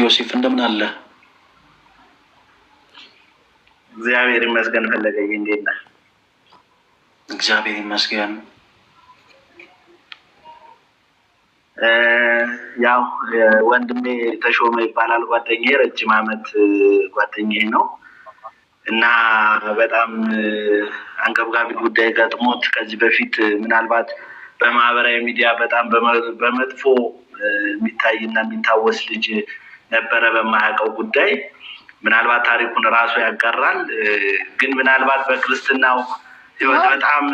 ዮሴፍ እንደምን አለ? እግዚአብሔር ይመስገን። ፈለገኝ እንዴት ነህ? እግዚአብሔር ይመስገን። ያው ወንድሜ ተሾመ ይባላል ጓደኛዬ፣ ረጅም ዓመት ጓደኛዬ ነው እና በጣም አንገብጋቢ ጉዳይ ገጥሞት ከዚህ በፊት ምናልባት በማህበራዊ ሚዲያ በጣም በመጥፎ የሚታይና የሚታወስ ልጅ ነበረ በማያውቀው ጉዳይ ምናልባት ታሪኩን ራሱ ያጋራል። ግን ምናልባት በክርስትናው ህይወት በጣም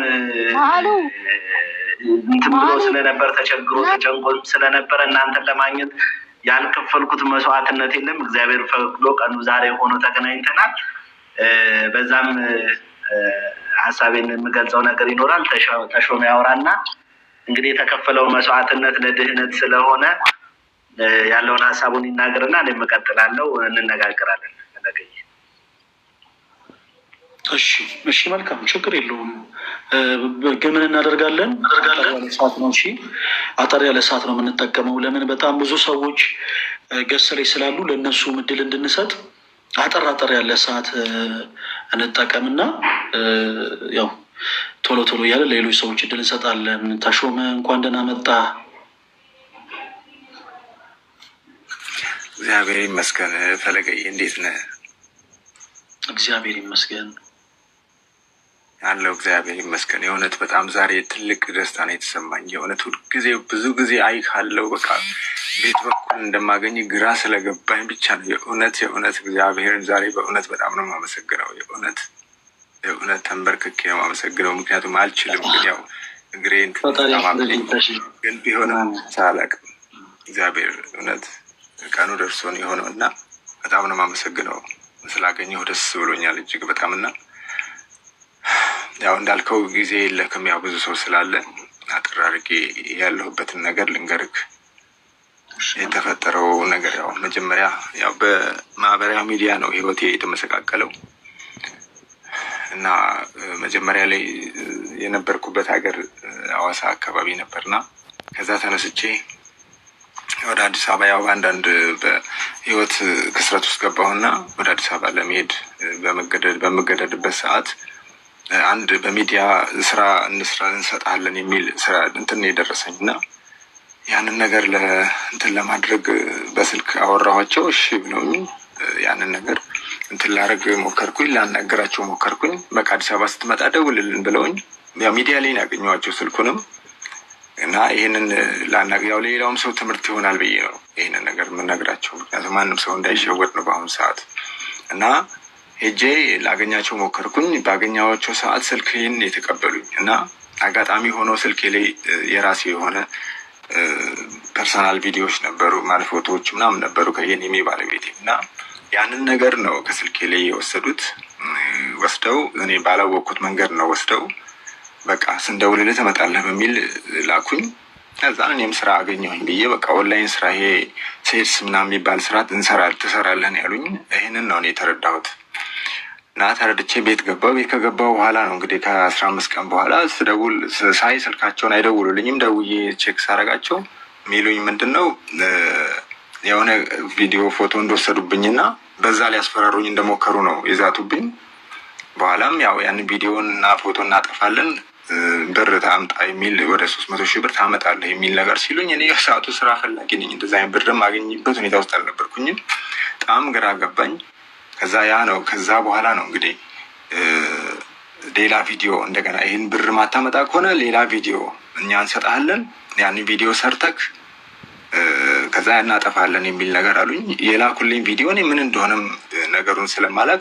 እንትን ብሎ ስለነበር ተቸግሮ ተጨንቆ ስለነበረ እናንተን ለማግኘት ያልከፈልኩት መስዋዕትነት የለም። እግዚአብሔር ፈቅዶ ቀኑ ዛሬ ሆኖ ተገናኝተናል። በዛም ሀሳቤን የምገልጸው ነገር ይኖራል። ተሾመ ያወራና እንግዲህ የተከፈለው መስዋዕትነት ለድህነት ስለሆነ ያለውን ሀሳቡን ይናገርና እኔም እቀጥላለሁ። እንነጋገራለን። ነገኝ እሺ፣ እሺ፣ መልካም ችግር የለውም። ግምን እናደርጋለን። ሰዓት ነው። አጠር ያለ ሰዓት ነው የምንጠቀመው። ለምን በጣም ብዙ ሰዎች ገስ ላይ ስላሉ ለእነሱ እድል እንድንሰጥ አጠር አጠር ያለ ሰዓት እንጠቀምና ያው ቶሎ ቶሎ እያለ ሌሎች ሰዎች እድል እንሰጣለን። ታሾመ እንኳን ደህና መጣ። እግዚአብሔር ይመስገን። ፈለገዬ እንዴት ነህ? እግዚአብሔር ይመስገን አለው። እግዚአብሔር ይመስገን። የእውነት በጣም ዛሬ ትልቅ ደስታ ነው የተሰማኝ። የእውነት ሁልጊዜ ብዙ ጊዜ አይ ካለው በቃ ቤት በኩል እንደማገኝ ግራ ስለገባኝ ብቻ ነው። የእውነት የእውነት እግዚአብሔርን ዛሬ በእውነት በጣም ነው የማመሰግነው። የእውነት የእውነት ተንበርክኬ ነው የማመሰግነው። ምክንያቱም አልችልም፣ ግን ያው እግሬን ግን ቢሆንም ሳላቅ እግዚአብሔር እውነት ቀኑ ደርሶን የሆነው እና በጣም ነው የማመሰግነው ስላገኘሁ ደስ ብሎኛል እጅግ በጣም እና ያው እንዳልከው ጊዜ የለክም ያው ብዙ ሰው ስላለ አጥር አድርጌ ያለሁበትን ነገር ልንገርክ። የተፈጠረው ነገር ያው መጀመሪያ ያው በማህበራዊ ሚዲያ ነው ህይወቴ የተመሰቃቀለው እና መጀመሪያ ላይ የነበርኩበት ሀገር አዋሳ አካባቢ ነበርና ከዛ ተነስቼ ወደ አዲስ አበባ ያው አንዳንድ በህይወት ክስረት ውስጥ ገባሁና ወደ አዲስ አበባ ለመሄድ በመገደድበት ሰዓት አንድ በሚዲያ ስራ እንስራ እንሰጣለን የሚል ስራ እንትን የደረሰኝ እና ያንን ነገር እንትን ለማድረግ በስልክ አወራኋቸው። እሺ ብለውኝ ያንን ነገር እንትን ላደርግ ሞከርኩኝ፣ ላናገራቸው ሞከርኩኝ። በቃ አዲስ አበባ ስትመጣ ደውልልን ብለውኝ ያው ሚዲያ ላይ ያገኘኋቸው ስልኩንም እና ይህንን ላናገ ያው ሌላውም ሰው ትምህርት ይሆናል ብዬ ነው ይህንን ነገር የምነግራቸው። ምክንያቱም ማንም ሰው እንዳይሸወድ ነው በአሁኑ ሰዓት እና ሄጄ ላገኛቸው ሞከርኩኝ። ባገኛቸው ሰዓት ስልክን የተቀበሉኝ እና አጋጣሚ ሆኖ ስልኬ ላይ የራሴ የሆነ ፐርሰናል ቪዲዮዎች ነበሩ፣ ማለት ፎቶዎች ምናምን ነበሩ ከየኔሜ ባለቤቴ እና ያንን ነገር ነው ከስልኬ ላይ የወሰዱት። ወስደው እኔ ባላወቅኩት መንገድ ነው ወስደው በቃ ስንደውልልህ ትመጣለህ በሚል ላኩኝ። ከዛ እኔም ስራ አገኘሁኝ ብዬ በቃ ኦንላይን ስራ ይሄ ሴልስ ምናምን የሚባል ስራ እንሰራ ትሰራለን ያሉኝ። ይህንን ነው እኔ የተረዳሁት እና ተረድቼ ቤት ገባሁ። ቤት ከገባሁ በኋላ ነው እንግዲህ ከአስራ አምስት ቀን በኋላ ስደውል ሳይ ስልካቸውን አይደውሉልኝም። ደውዬ ቼክ ሳረጋቸው ሚሉኝ ምንድን ነው የሆነ ቪዲዮ ፎቶ እንደወሰዱብኝና በዛ ሊያስፈራሩኝ እንደሞከሩ ነው የዛቱብኝ። በኋላም ያው ያን ቪዲዮ እና ፎቶ እናጠፋለን ብር ታምጣ የሚል ወደ ሶስት መቶ ሺህ ብር ታመጣለህ የሚል ነገር ሲሉኝ እኔ የሰዓቱ ስራ ፈላጊ ነኝ። እንደዛ አይነት ብር ማገኝበት ሁኔታ ውስጥ አልነበርኩኝም። በጣም ግራ ገባኝ። ከዛ ያ ነው። ከዛ በኋላ ነው እንግዲህ ሌላ ቪዲዮ እንደገና ይህን ብር ማታመጣ ከሆነ ሌላ ቪዲዮ እኛ እንሰጥሃለን፣ ያን ቪዲዮ ሰርተክ ከዛ እናጠፋለን የሚል ነገር አሉኝ። የላኩልኝ ቪዲዮ እኔ ምን እንደሆነም ነገሩን ስለማላቅ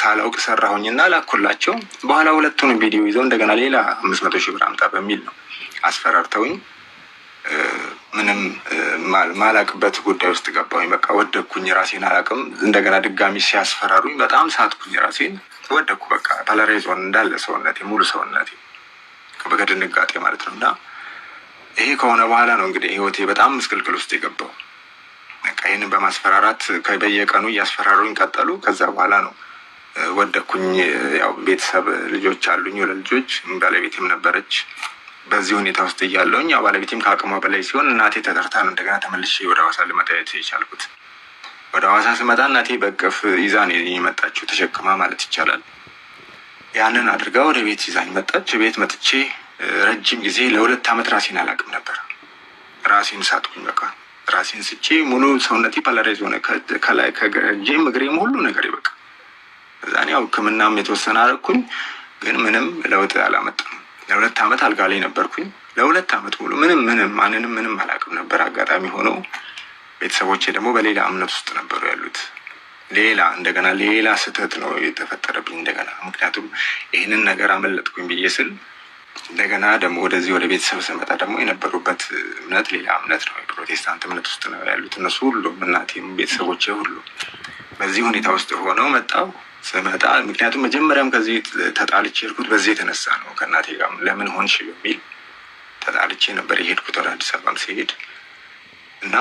ሳላውቅ ሰራሁኝ እና ላኩላቸው። በኋላ ሁለቱን ቪዲዮ ይዘው እንደገና ሌላ አምስት መቶ ሺህ ብር አምጣ በሚል ነው አስፈራርተውኝ ምንም ማላቅበት ጉዳይ ውስጥ ገባሁኝ። በቃ ወደኩኝ፣ ራሴን አላቅም። እንደገና ድጋሚ ሲያስፈራሩኝ በጣም ሳትኩኝ፣ ራሴን ወደኩ። በቃ ፓላራይዝ እንዳለ ሰውነቴ ሙሉ ሰውነቴ ከድንጋጤ ማለት ነው። እና ይሄ ከሆነ በኋላ ነው እንግዲህ ህይወቴ በጣም ምስቅልቅል ውስጥ የገባው። በቃ ይህንን በማስፈራራት በየቀኑ እያስፈራሩኝ ቀጠሉ። ከዛ በኋላ ነው ወደኩኝ። ያው ቤተሰብ ልጆች አሉኝ፣ ሁለት ልጆች፣ ባለቤቴም ነበረች። በዚህ ሁኔታ ውስጥ እያለውኝ ያው ባለቤቴም ከአቅሟ በላይ ሲሆን እናቴ ተጠርታ ነው እንደገና ተመልሼ ወደ ሐዋሳ ልመጣ የቻልኩት። ወደ ሐዋሳ ስመጣ እናቴ በቅፍ ይዛ ነው የመጣችው ተሸክማ ማለት ይቻላል። ያንን አድርጋ ወደ ቤት ይዛኝ መጣች። ቤት መጥቼ ረጅም ጊዜ ለሁለት ዓመት ራሴን አላቅም ነበር። ራሴን ሳጥኩኝ በቃ ራሴን ስቼ ሙሉ ሰውነቴ ፓላራይዝ ሆነ። ከላይ ከእጄም እግሬም ሁሉ ነገር በቃ እዛን ያው ህክምናም የተወሰነ አረግኩኝ፣ ግን ምንም ለውጥ አላመጣም። ለሁለት ዓመት አልጋ ላይ ነበርኩኝ። ለሁለት ዓመት ሙሉ ምንም ምንም ማንንም ምንም አላውቅም ነበር። አጋጣሚ ሆኖ ቤተሰቦቼ ደግሞ በሌላ እምነት ውስጥ ነበሩ ያሉት። ሌላ እንደገና ሌላ ስህተት ነው የተፈጠረብኝ እንደገና። ምክንያቱም ይህንን ነገር አመለጥኩኝ ብዬ ስል እንደገና ደግሞ ወደዚህ ወደ ቤተሰብ ስመጣ ደግሞ የነበሩበት እምነት ሌላ እምነት ነው፣ የፕሮቴስታንት እምነት ውስጥ ነው ያሉት እነሱ ሁሉም፣ እናቴም ቤተሰቦቼ ሁሉ። በዚህ ሁኔታ ውስጥ ሆነው መጣው ስመጣ ምክንያቱም መጀመሪያም ከዚህ ተጣልቼ የሄድኩት በዚህ የተነሳ ነው። ከእናቴ ጋር ለምን ሆንሽ በሚል ተጣልቼ ነበር የሄድኩት ወደ አዲስ አበባም ሲሄድ እና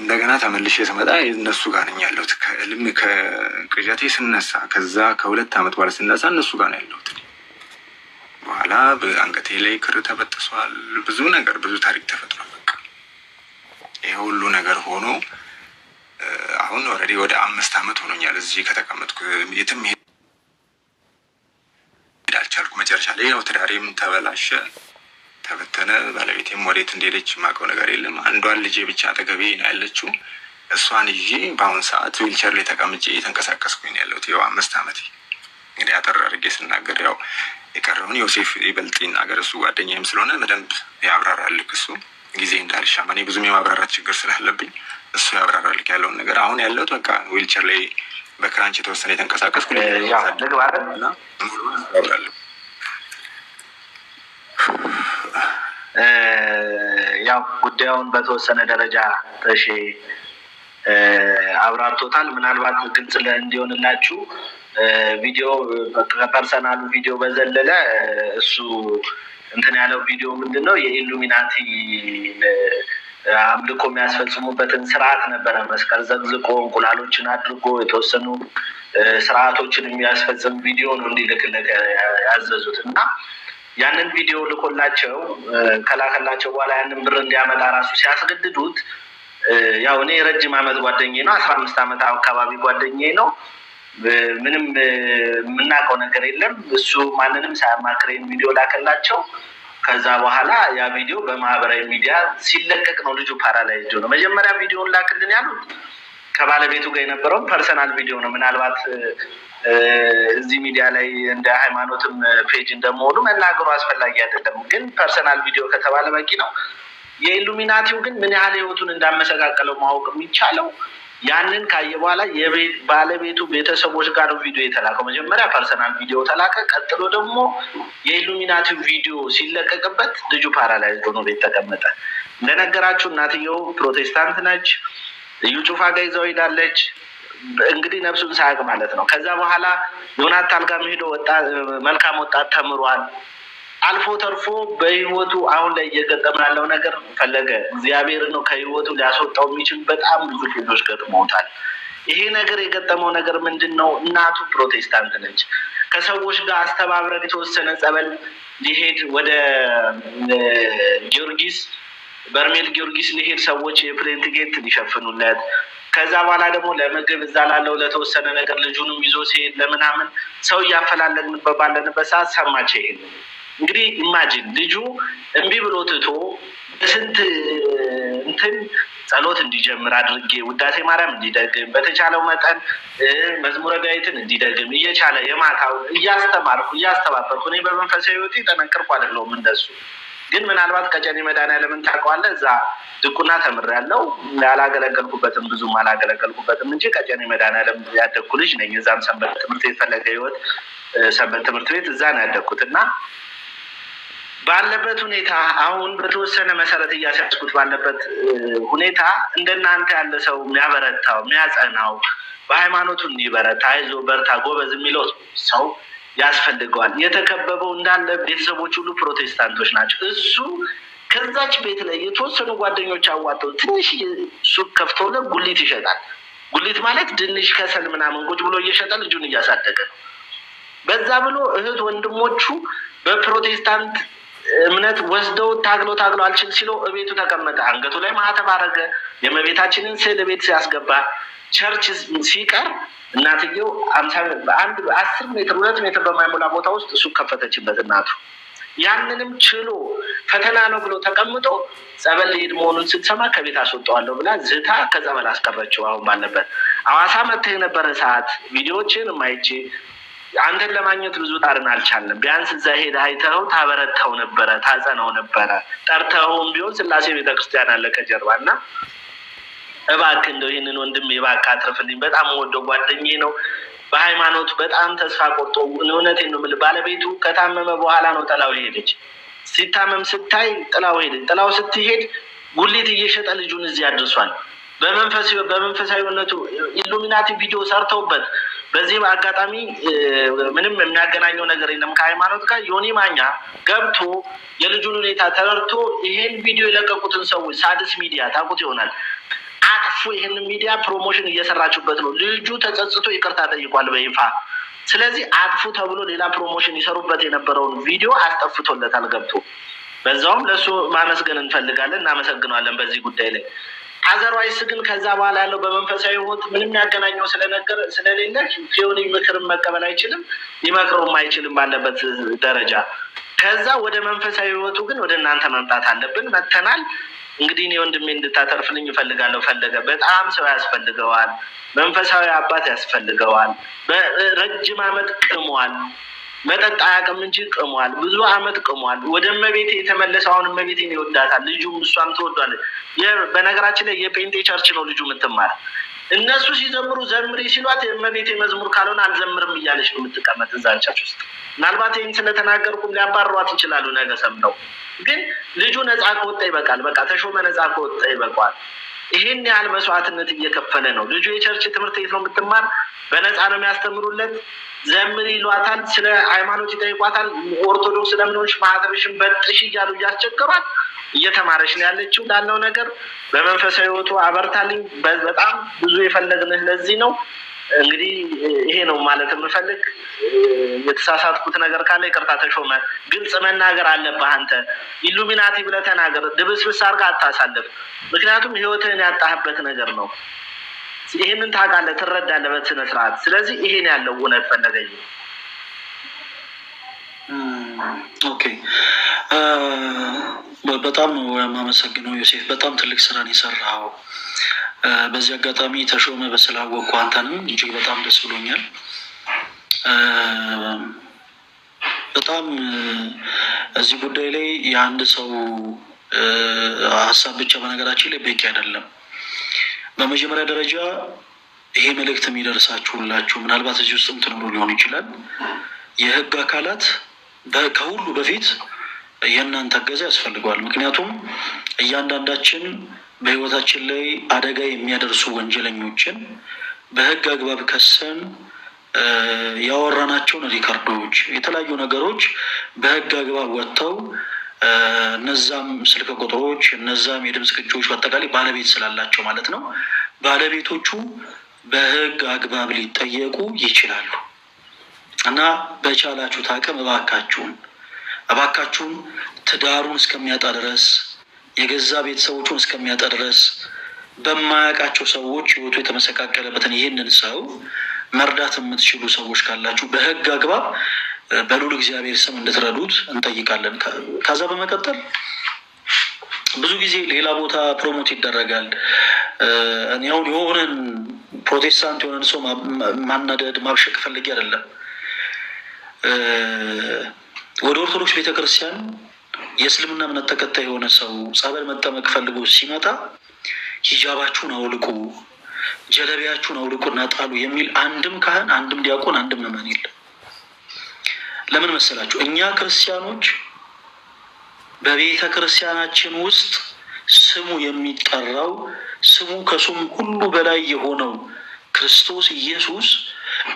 እንደገና ተመልሼ ስመጣ እነሱ ጋር ነኝ ያለሁት። ከእልም ከቅዠቴ ስነሳ ከዛ ከሁለት ዓመት በኋላ ስነሳ እነሱ ጋር ነው ያለሁት። በኋላ አንገቴ ላይ ክር ተበጥሷል። ብዙ ነገር ብዙ ታሪክ ተፈጥሯል። በቃ ይሄ ሁሉ ነገር ሆኖ አሁን ኦልሬዲ ወደ አምስት አመት ሆኖኛል እዚህ ከተቀመጥኩ የትም ሄድ አልቻልኩ። መጨረሻ ላይ ያው ትዳሬም ተበላሸ፣ ተበተነ። ባለቤቴም ወዴት እንደሄደች የማውቀው ነገር የለም። አንዷን ልጄ ብቻ አጠገቤ ነው ያለችው። እሷን ይዤ በአሁን ሰዓት ዊልቸር ላይ ተቀምጬ የተንቀሳቀስኩኝ ነው ያለሁት። ያው አምስት አመት እንግዲህ አጠር አድርጌ ስናገር ያው የቀረውን ዮሴፍ ይበልጥ ይናገር፣ እሱ ጓደኛዬም ስለሆነ በደንብ ያብራራልክ እሱ ጊዜ እንዳልሻማ እኔ ብዙም የማብራራት ችግር ስላለብኝ እሱ ያብራራልክ ያለውን ነገር። አሁን ያለሁት በቃ ዊልቸር ላይ በክራንች የተወሰነ የተንቀሳቀስኩ ያው ጉዳዩን በተወሰነ ደረጃ ተሺ አብራርቶታል። ምናልባት ግልጽ እንዲሆንላችሁ ቪዲዮ ከፐርሰናሉ ቪዲዮ በዘለለ እሱ እንትን ያለው ቪዲዮ ምንድን ነው የኢሉሚናቲ አምልኮ የሚያስፈጽሙበትን ስርዓት ነበረ። መስቀል ዘቅዝቆ እንቁላሎችን አድርጎ የተወሰኑ ስርዓቶችን የሚያስፈጽም ቪዲዮ ነው እንዲልክለት ያዘዙት እና ያንን ቪዲዮ ልኮላቸው ከላከላቸው በኋላ ያንን ብር እንዲያመጣ ራሱ ሲያስገድዱት ያው እኔ ረጅም አመት ጓደኛ ነው። አስራ አምስት ዓመት አካባቢ ጓደኛ ነው። ምንም የምናውቀው ነገር የለም። እሱ ማንንም ሳያማክረኝ ቪዲዮ ላከላቸው። ከዛ በኋላ ያ ቪዲዮ በማህበራዊ ሚዲያ ሲለቀቅ ነው ልጁ ፓራላይዝ ነው። መጀመሪያ ቪዲዮን ላክልን ያሉት ከባለቤቱ ጋር የነበረውን ፐርሰናል ቪዲዮ ነው። ምናልባት እዚህ ሚዲያ ላይ እንደ ሃይማኖትም ፔጅ እንደመሆኑ መናገሩ አስፈላጊ አይደለም። ግን ፐርሰናል ቪዲዮ ከተባለ በቂ ነው። የኢሉሚናቲው ግን ምን ያህል ህይወቱን እንዳመሰቃቀለው ማወቅ የሚቻለው ያንን ካየ በኋላ ባለቤቱ ቤተሰቦች ጋር ነው ቪዲዮ የተላከው። መጀመሪያ ፐርሰናል ቪዲዮ ተላከ። ቀጥሎ ደግሞ የኢሉሚናቲ ቪዲዮ ሲለቀቅበት ልጁ ፓራላይዝ ሆኖ ቤት ተቀመጠ። እንደነገራችሁ እናትየው ፕሮቴስታንት ነች። ልዩ ጩፋ ጋ ይዘው ሄዳለች። እንግዲህ ነፍሱን ሳያውቅ ማለት ነው። ከዛ በኋላ ዮናታን ጋር መሄዶ መልካም ወጣት ተምሯል አልፎ ተርፎ በህይወቱ አሁን ላይ እየገጠመ ያለው ነገር ፈለገ እግዚአብሔር ነው ከህይወቱ ሊያስወጣው የሚችል በጣም ብዙ ፊሎች ገጥመውታል። ይሄ ነገር የገጠመው ነገር ምንድን ነው? እናቱ ፕሮቴስታንት ነች። ከሰዎች ጋር አስተባብረን የተወሰነ ጸበል ሊሄድ ወደ ጊዮርጊስ በርሜል ጊዮርጊስ ሊሄድ ሰዎች የፕሬንት ጌት ሊሸፍኑለት ከዛ በኋላ ደግሞ ለምግብ እዛ ላለው ለተወሰነ ነገር ልጁንም ይዞ ሲሄድ ለምናምን ሰው እያፈላለግንበት ባለንበት ሰዓት ሰማች ይሄን እንግዲህ ኢማጂን ልጁ እምቢ ብሎ ትቶ በስንት እንትን ጸሎት እንዲጀምር አድርጌ ውዳሴ ማርያም እንዲደግም በተቻለው መጠን መዝሙረ ዳዊትን እንዲደግም እየቻለ የማታው እያስተማርኩ እያስተባበርኩ እኔ በመንፈሳዊ ህይወት ጠነቅርኩ አይደለሁም እንደሱ ግን ምናልባት ቀጨኔ መድኃኔዓለምን ታውቀዋለህ? እዛ ድቁና ተምሬያለሁ። አላገለገልኩበትም፣ ብዙም አላገለገልኩበትም እንጂ ቀጨኔ መድኃኔዓለም ያደግኩ ልጅ ነኝ። እዛም ሰንበት ትምህርት ቤት ህይወት ሰንበት ትምህርት ቤት እዛ ነው ያደግኩት እና ባለበት ሁኔታ አሁን በተወሰነ መሰረት እያስያዝኩት ባለበት ሁኔታ እንደናንተ ያለ ሰው የሚያበረታው የሚያጸናው በሃይማኖቱ እንዲበረታ አይዞ በርታ ጎበዝ የሚለው ሰው ያስፈልገዋል። የተከበበው እንዳለ ቤተሰቦች ሁሉ ፕሮቴስታንቶች ናቸው። እሱ ከዛች ቤት ላይ የተወሰኑ ጓደኞች አዋጠው ትንሽ ሱቅ ከፍቶ ጉሊት ይሸጣል። ጉሊት ማለት ድንሽ፣ ከሰል ምናምን ቁጭ ብሎ እየሸጠ ልጁን እያሳደገ ነው። በዛ ብሎ እህት ወንድሞቹ በፕሮቴስታንት እምነት ወስደው ታግሎ ታግሎ አልችል ሲለው እቤቱ ተቀመጠ። አንገቱ ላይ ማህተብ አረገ። የእመቤታችንን ስዕል ቤት ሲያስገባ ቸርች ሲቀር እናትየው አንድ አስር ሜትር ሁለት ሜትር በማይሞላ ቦታ ውስጥ እሱ ከፈተችበት እናቱ። ያንንም ችሎ ፈተና ነው ብሎ ተቀምጦ ጸበል ሊሄድ መሆኑን ስትሰማ ከቤት አስወጠዋለሁ ብላ ዝታ ከጸበል አስቀረችው። አሁን ባለበት አዋሳ መጥተህ የነበረ ሰዓት ቪዲዮዎችን የማይቼ አንተን ለማግኘት ብዙ ጣርን አልቻለም። ቢያንስ እዛ ሄደ አይተኸው ታበረተው ነበረ፣ ታጸነው ነበረ። ጠርተኸውም ቢሆን ስላሴ ቤተክርስቲያን አለ ከጀርባ እና እባክህ እንደው ይህንን ወንድሜ እባክህ አትርፍልኝ። በጣም ወደ ጓደኛዬ ነው በሃይማኖቱ በጣም ተስፋ ቆርጦ እውነቴን ነው የምልህ። ባለቤቱ ከታመመ በኋላ ነው ጥላው ሄደች። ሲታመም ስታይ ጥላው ሄደች። ጥላው ስትሄድ ጉሊት እየሸጠ ልጁን እዚህ አድርሷል። በመንፈሳዊነቱ ኢሉሚናቲ ቪዲዮ ሰርተውበት በዚህ አጋጣሚ ምንም የሚያገናኘው ነገር የለም ከሃይማኖት ጋር። ዮኒ ማኛ ገብቶ የልጁን ሁኔታ ተረድቶ ይሄን ቪዲዮ የለቀቁትን ሰዎች ሳድስ ሚዲያ ታውቁት ይሆናል አጥፉ ይህን ሚዲያ ፕሮሞሽን እየሰራችሁበት ነው። ልጁ ተጸጽቶ ይቅርታ ጠይቋል በይፋ። ስለዚህ አጥፉ ተብሎ ሌላ ፕሮሞሽን ይሰሩበት የነበረውን ቪዲዮ አስጠፍቶለታል ገብቶ። በዛውም ለእሱ ማመስገን እንፈልጋለን፣ እናመሰግነዋለን በዚህ ጉዳይ ላይ አዘሯይስ ግን ከዛ በኋላ ያለው በመንፈሳዊ ህይወት ምንም ያገናኘው ስለነገር ስለሌለ ሲሆን ምክርን መቀበል አይችልም፣ ሊመክረውም አይችልም ባለበት ደረጃ። ከዛ ወደ መንፈሳዊ ህይወቱ ግን ወደ እናንተ መምጣት አለብን። መተናል እንግዲህ እኔ ወንድሜ እንድታተርፍልኝ እፈልጋለሁ። ፈለገ በጣም ሰው ያስፈልገዋል፣ መንፈሳዊ አባት ያስፈልገዋል። ረጅም ዓመት ቅሟል። መጠጥ አያውቅም እንጂ ቅሟል። ብዙ አመት ቅሟል። ወደ እመቤቴ የተመለሰ አሁን እመቤቴን ይወዳታል። ልጁም እሷም ትወዷለች። በነገራችን ላይ የጴንጤ ቸርች ነው ልጁ የምትማር። እነሱ ሲዘምሩ ዘምሪ ሲሏት የእመቤቴ መዝሙር ካልሆነ አልዘምርም እያለች ነው የምትቀመጥ እዛን ቸርች ውስጥ። ምናልባት ይህን ስለተናገርኩም ሊያባሯት ይችላሉ። ነገ ሰምነው ግን ልጁ ነፃ ከወጣ ይበቃል። በቃ ተሾመ ነፃ ከወጣ ይበቋል። ይህን ያህል መስዋዕትነት እየከፈለ ነው ልጁ። የቸርች ትምህርት ቤት ነው የምትማር። በነፃ ነው የሚያስተምሩለት። ዘምር ይሏታል። ስለ ሃይማኖት ይጠይቋታል። ኦርቶዶክስ ለምንሆንሽ ማህተብሽን በጥሽ እያሉ እያስቸገሯት እየተማረች ነው ያለችው። ላለው ነገር በመንፈሳዊ ህይወቱ አበርታልኝ። በጣም ብዙ የፈለግንህ ለዚህ ነው። እንግዲህ ይሄ ነው ማለት የምፈልግ። የተሳሳትኩት ነገር ካለ ይቅርታ። ተሾመ ግልጽ መናገር አለብህ አንተ። ኢሉሚናቲ ብለህ ተናገር። ድብስብስ አድርገህ አታሳልፍ። ምክንያቱም ህይወትህን ያጣህበት ነገር ነው። ይህንን ታውቃለህ፣ ትረዳለህ በስነ ስርዓት። ስለዚህ ይሄን ያለው እውነት ፈለገኝ። ኦኬ በጣም ነው የማመሰግነው ዮሴፍ፣ በጣም ትልቅ ስራን የሰራው በዚህ አጋጣሚ ተሾመ በስላወቅኩ አንተንም እጅግ በጣም ደስ ብሎኛል። በጣም እዚህ ጉዳይ ላይ የአንድ ሰው ሀሳብ ብቻ በነገራችን ላይ በቂ አይደለም። በመጀመሪያ ደረጃ ይሄ መልእክት የሚደርሳችሁ ሁላችሁ ምናልባት እዚህ ውስጥም ትኖሩ ሊሆን ይችላል። የህግ አካላት ከሁሉ በፊት የእናንተ እገዛ ያስፈልገዋል። ምክንያቱም እያንዳንዳችን በህይወታችን ላይ አደጋ የሚያደርሱ ወንጀለኞችን በህግ አግባብ ከሰን ያወራናቸውን ሪካርዶች፣ የተለያዩ ነገሮች በህግ አግባብ ወጥተው እነዛም ስልክ ቁጥሮች እነዛም የድምፅ ቅጂዎች በአጠቃላይ ባለቤት ስላላቸው ማለት ነው። ባለቤቶቹ በህግ አግባብ ሊጠየቁ ይችላሉ እና በቻላችሁት አቅም እባካችሁን እባካችሁን ትዳሩን እስከሚያጣ ድረስ የገዛ ቤተሰቦቹን እስከሚያጣ ድረስ በማያውቃቸው ሰዎች ህይወቱ የተመሰቃቀለበትን ይህንን ሰው መርዳት የምትችሉ ሰዎች ካላችሁ በህግ አግባብ በሉል እግዚአብሔር ስም እንድትረዱት እንጠይቃለን። ከዛ በመቀጠል ብዙ ጊዜ ሌላ ቦታ ፕሮሞት ይደረጋል። አሁን የሆነን ፕሮቴስታንት የሆነን ሰው ማናደድ ማብሸቅ ፈልጌ አይደለም። ወደ ኦርቶዶክስ ቤተክርስቲያን የእስልምና እምነት ተከታይ የሆነ ሰው ጸበል መጠመቅ ፈልጎ ሲመጣ ሂጃባችሁን አውልቁ፣ ጀለቢያችሁን አውልቁና ጣሉ የሚል አንድም ካህን፣ አንድም ዲያቆን፣ አንድም መመን የለም። ለምን መሰላችሁ? እኛ ክርስቲያኖች በቤተ ክርስቲያናችን ውስጥ ስሙ የሚጠራው ስሙ ከሱም ሁሉ በላይ የሆነው ክርስቶስ ኢየሱስ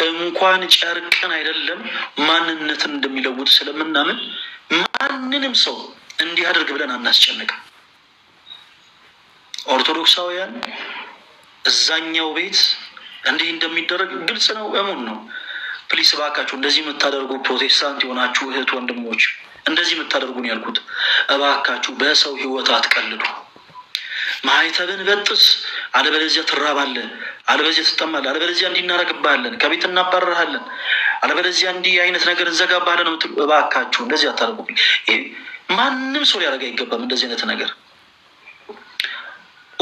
እንኳን ጨርቅን አይደለም ማንነትን እንደሚለውጥ ስለምናምን ማንንም ሰው እንዲህ አድርግ ብለን አናስጨንቅም። ኦርቶዶክሳውያን እዛኛው ቤት እንዲህ እንደሚደረግ ግልጽ ነው፣ እሙን ነው። ፕሊስ እባካችሁ እንደዚህ የምታደርጉ ፕሮቴስታንት የሆናችሁ እህት ወንድሞች፣ እንደዚህ የምታደርጉ ነው ያልኩት። እባካችሁ በሰው ህይወት አትቀልዱ። ማይተብን በጥስ፣ አለበለዚያ ትራባለህ፣ አለበለዚያ ትጠማለህ፣ አለበለዚያ እንዲህ እናደርግብሃለን፣ ከቤት እናባረርሃለን፣ አለበለዚያ እንዲህ አይነት ነገር እንዘጋብሃለን የምትሉ እባካችሁ እንደዚህ አታደርጉ። ማንም ሰው ሊያደርግ አይገባም እንደዚህ አይነት ነገር።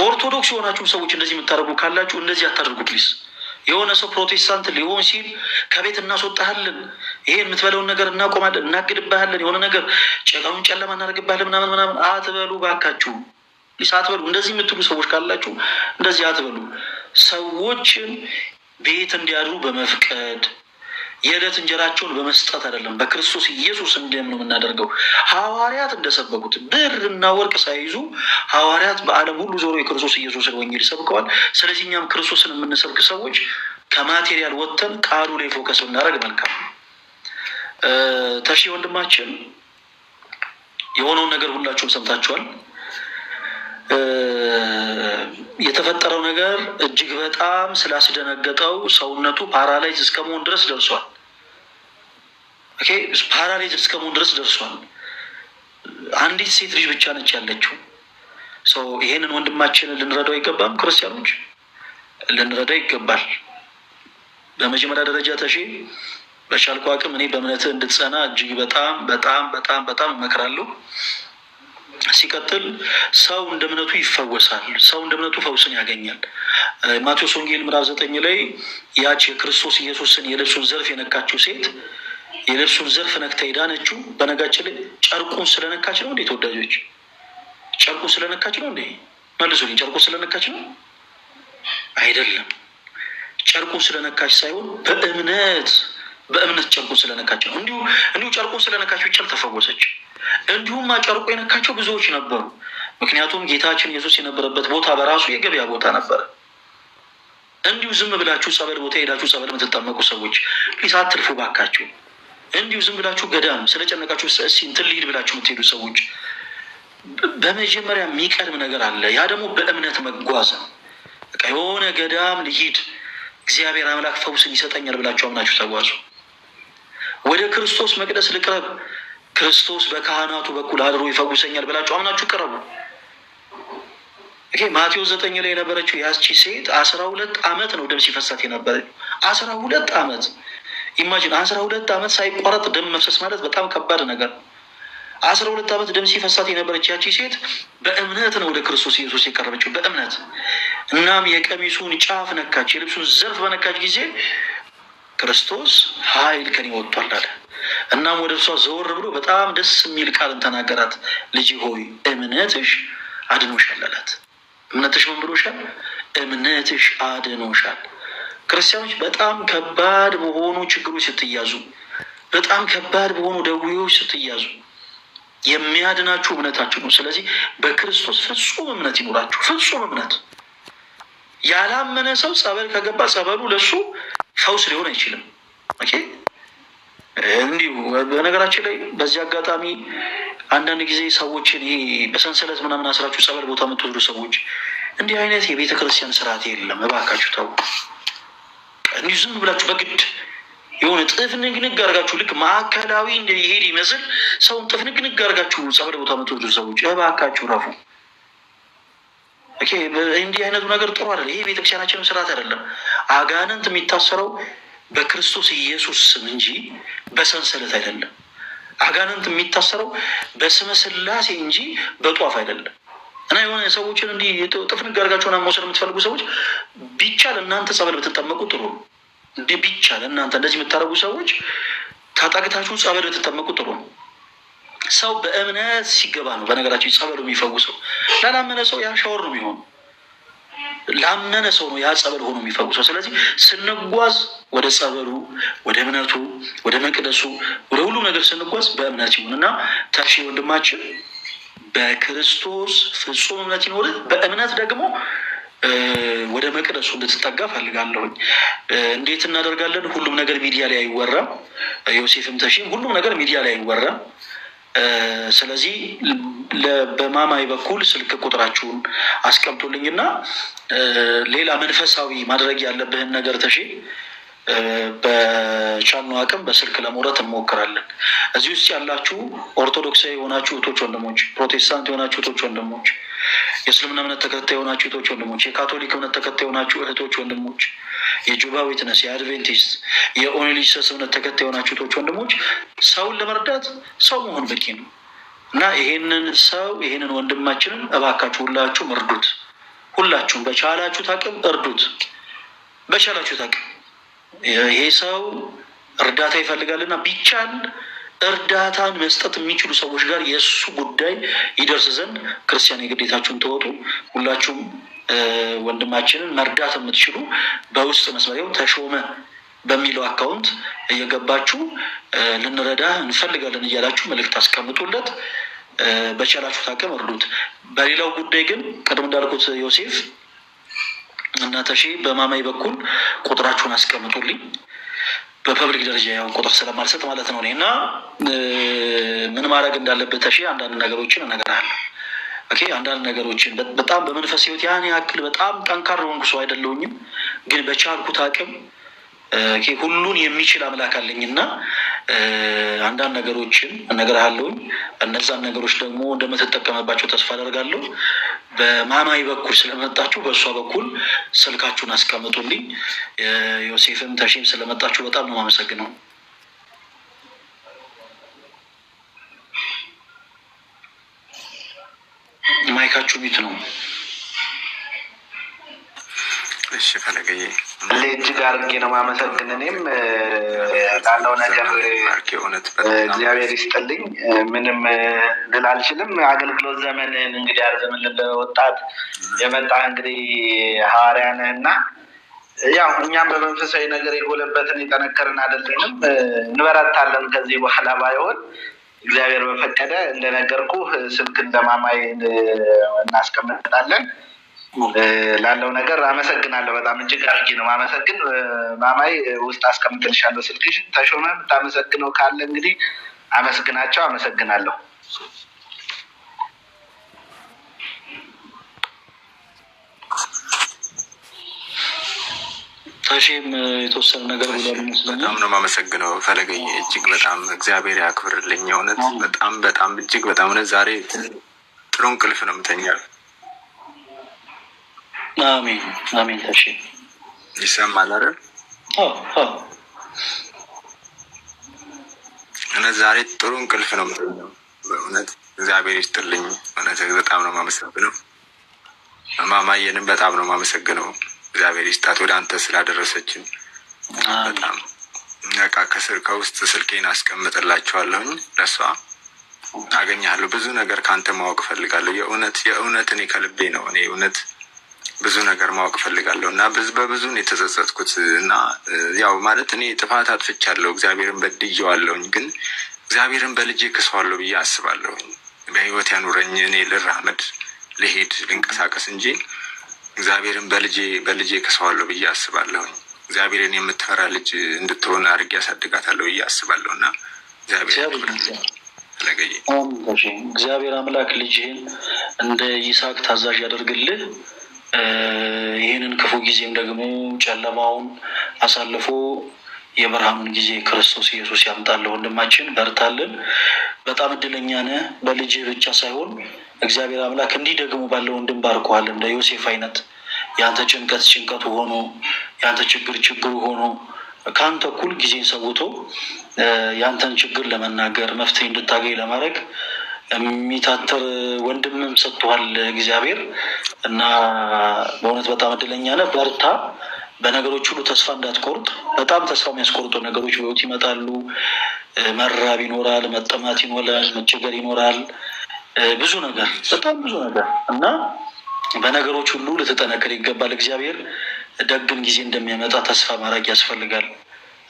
ኦርቶዶክስ የሆናችሁ ሰዎች እንደዚህ የምታደርጉ ካላችሁ እንደዚህ አታደርጉ ፕሊስ። የሆነ ሰው ፕሮቴስታንት ሊሆን ሲል ከቤት እናስወጣሃለን፣ ይሄ የምትበለውን ነገር እናቆማለን፣ እናግድባሃለን፣ የሆነ ነገር ጨቀኑን ጨለማ እናደርግባለን ምናምን ምናምን አትበሉ ባካችሁ፣ አትበሉ። እንደዚህ የምትሉ ሰዎች ካላችሁ እንደዚህ አትበሉ። ሰዎችን ቤት እንዲያድሩ በመፍቀድ የዕለት እንጀራቸውን በመስጠት አይደለም፣ በክርስቶስ ኢየሱስ እንደም ነው የምናደርገው። ሐዋርያት እንደሰበኩት ብር እና ወርቅ ሳይዙ ሐዋርያት በዓለም ሁሉ ዞሮ የክርስቶስ ኢየሱስን ወንጌል ሰብከዋል። ስለዚህ እኛም ክርስቶስን የምንሰብክ ሰዎች ከማቴሪያል ወጥተን ቃሉ ላይ ፎከስ ብናደርግ መልካም። ተሺ ወንድማችን የሆነውን ነገር ሁላችሁም ሰምታችኋል። የተፈጠረው ነገር እጅግ በጣም ስላስደነገጠው ሰውነቱ ፓራላይዝ እስከመሆን ድረስ ደርሷል። ፓራላይዝ እስከመሆን ድረስ ደርሷል። አንዲት ሴት ልጅ ብቻ ነች ያለችው። ይሄንን ወንድማችን ልንረዳው አይገባም? ክርስቲያኖች ልንረዳው ይገባል። በመጀመሪያ ደረጃ ተሼ በሻልኩ አቅም እኔ በእምነትህ እንድትጸና እጅግ በጣም በጣም በጣም በጣም እመክራለሁ። ሲቀጥል ሰው እንደ እምነቱ ይፈወሳል። ሰው እንደ እምነቱ ፈውስን ያገኛል። ማቴዎስ ወንጌል ምዕራፍ ዘጠኝ ላይ ያች የክርስቶስ ኢየሱስን የልብሱን ዘርፍ የነካችው ሴት የልብሱን ዘርፍ ነክታ ዳነችው። በነጋችን ላይ ጨርቁን ስለነካች ነው እንዴ? ተወዳጆች ጨርቁን ስለነካች ነው እንዴ? መልሱልኝ። ጨርቁን ስለነካች ነው አይደለም። ጨርቁን ስለነካች ሳይሆን በእምነት በእምነት ጨርቁን ስለነካች ነው። እንዲሁ እንዲሁ ጨርቁን ስለነካች ብቻ ተፈወሰች። እንዲሁም አጨርቆ የነካቸው ብዙዎች ነበሩ። ምክንያቱም ጌታችን ኢየሱስ የነበረበት ቦታ በራሱ የገበያ ቦታ ነበረ። እንዲሁ ዝም ብላችሁ ጸበል ቦታ ሄዳችሁ ጸበል የምትጠመቁ ሰዎች ሳትርፉ ባካችሁ። እንዲሁ ዝም ብላችሁ ገዳም ስለጨነቃችሁ እንትን ልሂድ ብላችሁ የምትሄዱ ሰዎች በመጀመሪያ የሚቀድም ነገር አለ። ያ ደግሞ በእምነት መጓዝ ነው። የሆነ ገዳም ልሂድ እግዚአብሔር አምላክ ፈውስን ይሰጠኛል ብላችሁ አምናችሁ ተጓዙ። ወደ ክርስቶስ መቅደስ ልቅረብ ክርስቶስ በካህናቱ በኩል አድሮ ይፈውሰኛል ብላችሁ አምናችሁ ቅረቡ። ይሄ ማቴዎስ ዘጠኝ ላይ የነበረችው ያቺ ሴት አስራ ሁለት አመት ነው ደም ሲፈሳት የነበረ አስራ ሁለት አመት ኢማጂን፣ አስራ ሁለት አመት ሳይቆረጥ ደም መፍሰስ ማለት በጣም ከባድ ነገር አስራ ሁለት አመት ደም ሲፈሳት የነበረች ያቺ ሴት በእምነት ነው ወደ ክርስቶስ ኢየሱስ የቀረበችው በእምነት እናም የቀሚሱን ጫፍ ነካች፣ የልብሱን ዘርፍ በነካች ጊዜ ክርስቶስ ኃይል ከኔ ወጥቷል አለ። እናም ወደ እሷ ዘወር ብሎ በጣም ደስ የሚል ቃልን ተናገራት። ልጅ ሆይ እምነትሽ አድኖሻል አላት። እምነትሽ ምን ብሎሻል? እምነትሽ አድኖሻል። ክርስቲያኖች በጣም ከባድ በሆኑ ችግሮች ስትያዙ፣ በጣም ከባድ በሆኑ ደዌዎች ስትያዙ የሚያድናችሁ እምነታችሁ ነው። ስለዚህ በክርስቶስ ፍጹም እምነት ይኑራችሁ። ፍጹም እምነት ያላመነ ሰው ጸበል ከገባ ጸበሉ ለሱ ፈውስ ሊሆን አይችልም። ኦኬ እንዲሁ በነገራችን ላይ በዚህ አጋጣሚ አንዳንድ ጊዜ ሰዎችን ይሄ በሰንሰለት ምናምን አስራችሁ ጸበል ቦታ የምትወስዱ ሰዎች እንዲህ አይነት የቤተ ክርስቲያን ስርዓት የለም፣ እባካችሁ ተው። እንዲሁ ዝም ብላችሁ በግድ የሆነ ጥፍንግንግ አርጋችሁ ልክ ማዕከላዊ እንደሄድ ይመስል ሰውን ጥፍንግንግ አርጋችሁ ጸበል ቦታ የምትወስዱ ሰዎች እባካችሁ ረፉ። እንዲህ አይነቱ ነገር ጥሩ አይደለም። ይሄ ቤተክርስቲያናችንም ስርዓት አይደለም። አጋንንት የሚታሰረው በክርስቶስ ኢየሱስ ስም እንጂ በሰንሰለት አይደለም። አጋንንት የሚታሰረው በስመ ስላሴ እንጂ በጧፍ አይደለም። እና የሆነ ሰዎችን እንዲህ ጥፍንግ አድርጋችሁ መውሰድ የምትፈልጉ ሰዎች ቢቻል እናንተ ጸበል ብትጠመቁ ጥሩ ነው። እንዲህ ቢቻል እናንተ እንደዚህ የምታደርጉ ሰዎች ታጠቅታችሁ ጸበል ብትጠመቁ ጥሩ ነው። ሰው በእምነት ሲገባ ነው በነገራችን ጸበሉ የሚፈውሰው። ላላመነ ሰው ያሻወር ነው የሚሆኑ ላመነ ሰው ነው ያ ጸበል ሆኖ የሚፈውሰው። ስለዚህ ስንጓዝ ወደ ጸበሉ፣ ወደ እምነቱ፣ ወደ መቅደሱ፣ ወደ ሁሉም ነገር ስንጓዝ በእምነት ይሁን እና ታሺ ወንድማችን በክርስቶስ ፍጹም እምነት ይኖር። በእምነት ደግሞ ወደ መቅደሱ እንድትጠጋ ፈልጋለሁኝ። እንዴት እናደርጋለን? ሁሉም ነገር ሚዲያ ላይ አይወራም። ዮሴፍም ተሺም ሁሉም ነገር ሚዲያ ላይ አይወራም። ስለዚህ በማማይ በኩል ስልክ ቁጥራችሁን አስቀምጡልኝና ሌላ መንፈሳዊ ማድረግ ያለብህን ነገር ተሼ በቻኑ አቅም በስልክ ለመውረት እንሞክራለን። እዚህ ውስጥ ያላችሁ ኦርቶዶክሳዊ የሆናችሁ እህቶች ወንድሞች፣ ፕሮቴስታንት የሆናችሁ እህቶች ወንድሞች፣ የእስልምና እምነት ተከታይ የሆናችሁ እህቶች ወንድሞች፣ የካቶሊክ እምነት ተከታይ የሆናችሁ እህቶች ወንድሞች፣ የጁባ ዊትነስ፣ የአድቬንቲስት፣ የኦኔሊሰስ እምነት ተከታይ የሆናችሁ እህቶች ወንድሞች፣ ሰውን ለመርዳት ሰው መሆን በቂ ነው እና ይሄንን ሰው ይሄንን ወንድማችንን እባካችሁ ሁላችሁም እርዱት። ሁላችሁም በቻላችሁት አቅም እርዱት። በቻላችሁት አቅም ይሄ ሰው እርዳታ ይፈልጋልና ቢቻል እርዳታን መስጠት የሚችሉ ሰዎች ጋር የእሱ ጉዳይ ይደርስ ዘንድ ክርስቲያን የግዴታችሁን ተወጡ። ሁላችሁም ወንድማችንን መርዳት የምትችሉ በውስጥ መስመሪያው ተሾመ በሚለው አካውንት እየገባችሁ ልንረዳ እንፈልጋለን እያላችሁ መልእክት አስቀምጡለት። በቻላችሁት አቅም እርዱት። በሌላው ጉዳይ ግን ቅድም እንዳልኩት ዮሴፍ እናተሺ በማማይ በኩል ቁጥራችሁን አስቀምጡልኝ። በፐብሊክ ደረጃ ያው ቁጥር ስለማልሰጥ ማለት ነው። እና ምን ማድረግ እንዳለበት ተሺ አንዳንድ ነገሮችን እነግርሃለሁ። ኦኬ አንዳንድ ነገሮችን በጣም በመንፈስ ህይወት ያን ያክል በጣም ጠንካራ ሆንኩ ሰው አይደለሁኝም፣ ግን በቻልኩት አቅም ሁሉን የሚችል አምላክ አለኝና አንዳንድ ነገሮችን እነግርሃለሁኝ። እነዛን ነገሮች ደግሞ እንደምትጠቀምባቸው ተስፋ አደርጋለሁ። በማማይ በኩል ስለመጣችሁ በእሷ በኩል ስልካችሁን አስቀምጡልኝ። ዮሴፍም ተሺም ስለመጣችሁ በጣም ነው የማመሰግነው። ማይካችሁ ሚት ነው። እሺ ፈለገዬ እጅግ አድርጌ ነው ማመሰግን። እኔም ላለው ነገር እግዚአብሔር ይስጥልኝ። ምንም ልል አልችልም። አገልግሎት ዘመንን እንግዲህ አርዘምልን። ወጣት የመጣ እንግዲህ ሐዋርያ ነህና ያው እኛም በመንፈሳዊ ነገር የጎለበትን የጠነከርን አይደለንም፣ እንበረታለን። ከዚህ በኋላ ባይሆን እግዚአብሔር በፈቀደ እንደነገርኩ ስልክን ለማማይ እናስቀምጣለን። ላለው ነገር አመሰግናለሁ። በጣም እጅግ አድርጌ ነው ማመሰግን። ማማይ ውስጥ አስቀምጥልሻለሁ ስልክሽ። ተሾመ የምታመሰግነው ካለ እንግዲህ አመስግናቸው። አመሰግናለሁ። ታሺም የተወሰነ ነገር በጣም ነው የማመሰግነው ፈለገኝ፣ እጅግ በጣም እግዚአብሔር ያክብርልኝ። እውነት በጣም በጣም እጅግ በጣም እውነት ዛሬ ጥሩ እንቅልፍ ነው የምተኛው። አሜን አሜን። ታሽ ይሰማል አይደል? እነ ዛሬ ጥሩ እንቅልፍ ነው በእውነት እግዚአብሔር ይስጥልኝ። እውነት በጣም ነው የማመሰግነው። ማማየንም በጣም ነው የማመሰግነው። እግዚአብሔር ይስጣት ወደ አንተ ስላደረሰችን በጣም በቃ ከስር ከውስጥ ስልኬን አስቀምጥላችኋለሁኝ ለሷ አገኛለሁ። ብዙ ነገር ከአንተ ማወቅ እፈልጋለሁ። የእውነት የእውነት እኔ ከልቤ ነው እኔ እውነት ብዙ ነገር ማወቅ ፈልጋለሁ እና በብዙ ነው የተጸጸትኩት። እና ያው ማለት እኔ ጥፋት አጥፍቻለሁ፣ እግዚአብሔርን በድዬዋለሁኝ፣ ግን እግዚአብሔርን በልጄ ክሰዋለሁ ብዬ አስባለሁኝ። በህይወት ያኑረኝ፣ እኔ ልራመድ፣ ልሄድ፣ ልንቀሳቀስ እንጂ እግዚአብሔርን በልጄ በልጄ ክሰዋለሁ ብዬ አስባለሁኝ። እግዚአብሔርን የምትፈራ ልጅ እንድትሆን አድርጌ ያሳድጋታለሁ ብዬ አስባለሁ እና እግዚአብሔር እግዚአብሔር አምላክ ልጅህን እንደ ይስሐቅ ታዛዥ ያደርግልህ። ይህንን ክፉ ጊዜም ደግሞ ጨለማውን አሳልፎ የብርሃኑን ጊዜ ክርስቶስ ኢየሱስ ያምጣለ ወንድማችን በርታልን። በጣም እድለኛ ነህ። በልጅ ብቻ ሳይሆን እግዚአብሔር አምላክ እንዲህ ደግሞ ባለ ወንድም ባርኮሃል። እንደ ዮሴፍ አይነት የአንተ ጭንቀት ጭንቀቱ ሆኖ የአንተ ችግር ችግሩ ሆኖ ከአንተ እኩል ጊዜ ሰውቶ የአንተን ችግር ለመናገር መፍትሄ እንድታገኝ ለማድረግ የሚታተር ወንድምም ሰጥቷል እግዚአብሔር እና በእውነት በጣም እድለኛ ነህ። በርታ። በነገሮች ሁሉ ተስፋ እንዳትቆርጥ። በጣም ተስፋ የሚያስቆርጡ ነገሮች በሕይወት ይመጣሉ። መራብ ይኖራል፣ መጠማት ይኖራል፣ መቸገር ይኖራል፣ ብዙ ነገር፣ በጣም ብዙ ነገር እና በነገሮች ሁሉ ልትጠነክር ይገባል። እግዚአብሔር ደግም ጊዜ እንደሚያመጣ ተስፋ ማድረግ ያስፈልጋል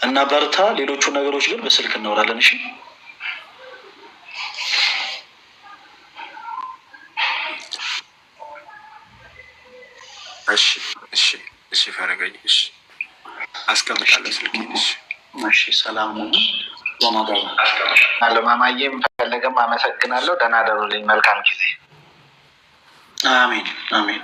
እና በርታ። ሌሎቹ ነገሮች ግን በስልክ እናወራለን። እሺ እሺ እሺ እሺ ፈረገኝ እሺ አስቀምጣለሁ ስልኬን። እሺ እሺ ሰላም ደህና ደሩ ፈለገም አመሰግናለሁ። ደህና ደሩልኝ። መልካም ጊዜ። አሜን አሜን።